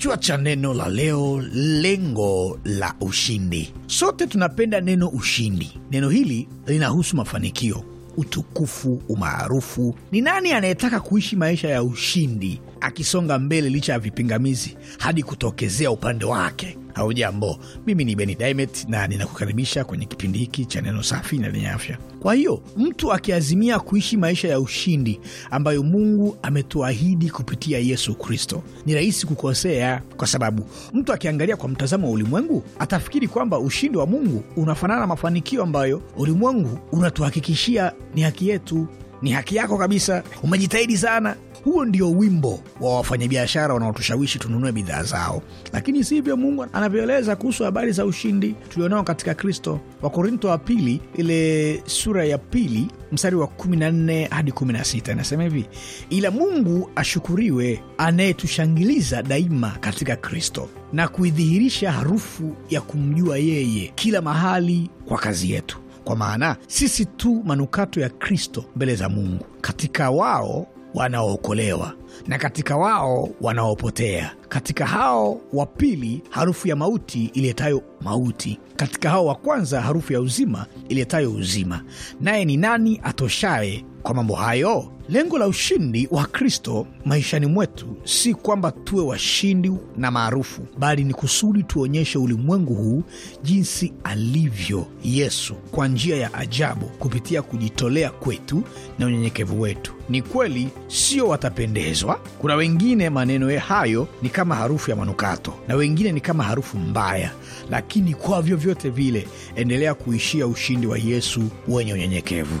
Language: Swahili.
Kichwa cha neno la leo: lengo la ushindi. Sote tunapenda neno ushindi. Neno hili linahusu mafanikio, utukufu, umaarufu. Ni nani anayetaka kuishi maisha ya ushindi, akisonga mbele licha ya vipingamizi hadi kutokezea upande wake? Haujambo, mimi ni Beni Dimet na ninakukaribisha kwenye kipindi hiki cha neno safi na lenye afya. Kwa hiyo mtu akiazimia kuishi maisha ya ushindi ambayo Mungu ametuahidi kupitia Yesu Kristo, ni rahisi kukosea, kwa sababu mtu akiangalia kwa mtazamo wa ulimwengu atafikiri kwamba ushindi wa Mungu unafanana na mafanikio ambayo ulimwengu unatuhakikishia. Ni haki yetu, ni haki yako kabisa, umejitahidi sana huo ndio wimbo wa wafanyabiashara wanaotushawishi tununue bidhaa zao, lakini sivyo Mungu anavyoeleza kuhusu habari za ushindi tulionao katika Kristo. Wakorinto wa pili ile sura ya pili mstari wa 14 hadi 16 inasema hivi: ila Mungu ashukuriwe anayetushangiliza daima katika Kristo na kuidhihirisha harufu ya kumjua yeye kila mahali kwa kazi yetu, kwa maana sisi tu manukato ya Kristo mbele za Mungu. Katika wao wanaookolewa na katika wao wanaopotea, katika hao wa pili harufu ya mauti iletayo mauti, katika hao wa kwanza harufu ya uzima iletayo uzima. Naye ni nani atoshaye kwa mambo hayo, lengo la ushindi wa Kristo maishani mwetu si kwamba tuwe washindi na maarufu, bali ni kusudi tuonyeshe ulimwengu huu jinsi alivyo Yesu kwa njia ya ajabu kupitia kujitolea kwetu na unyenyekevu wetu. Ni kweli, sio watapendezwa. Kuna wengine maneno hayo ni kama harufu ya manukato na wengine ni kama harufu mbaya, lakini kwa vyovyote vile, endelea kuishia ushindi wa Yesu wenye unyenyekevu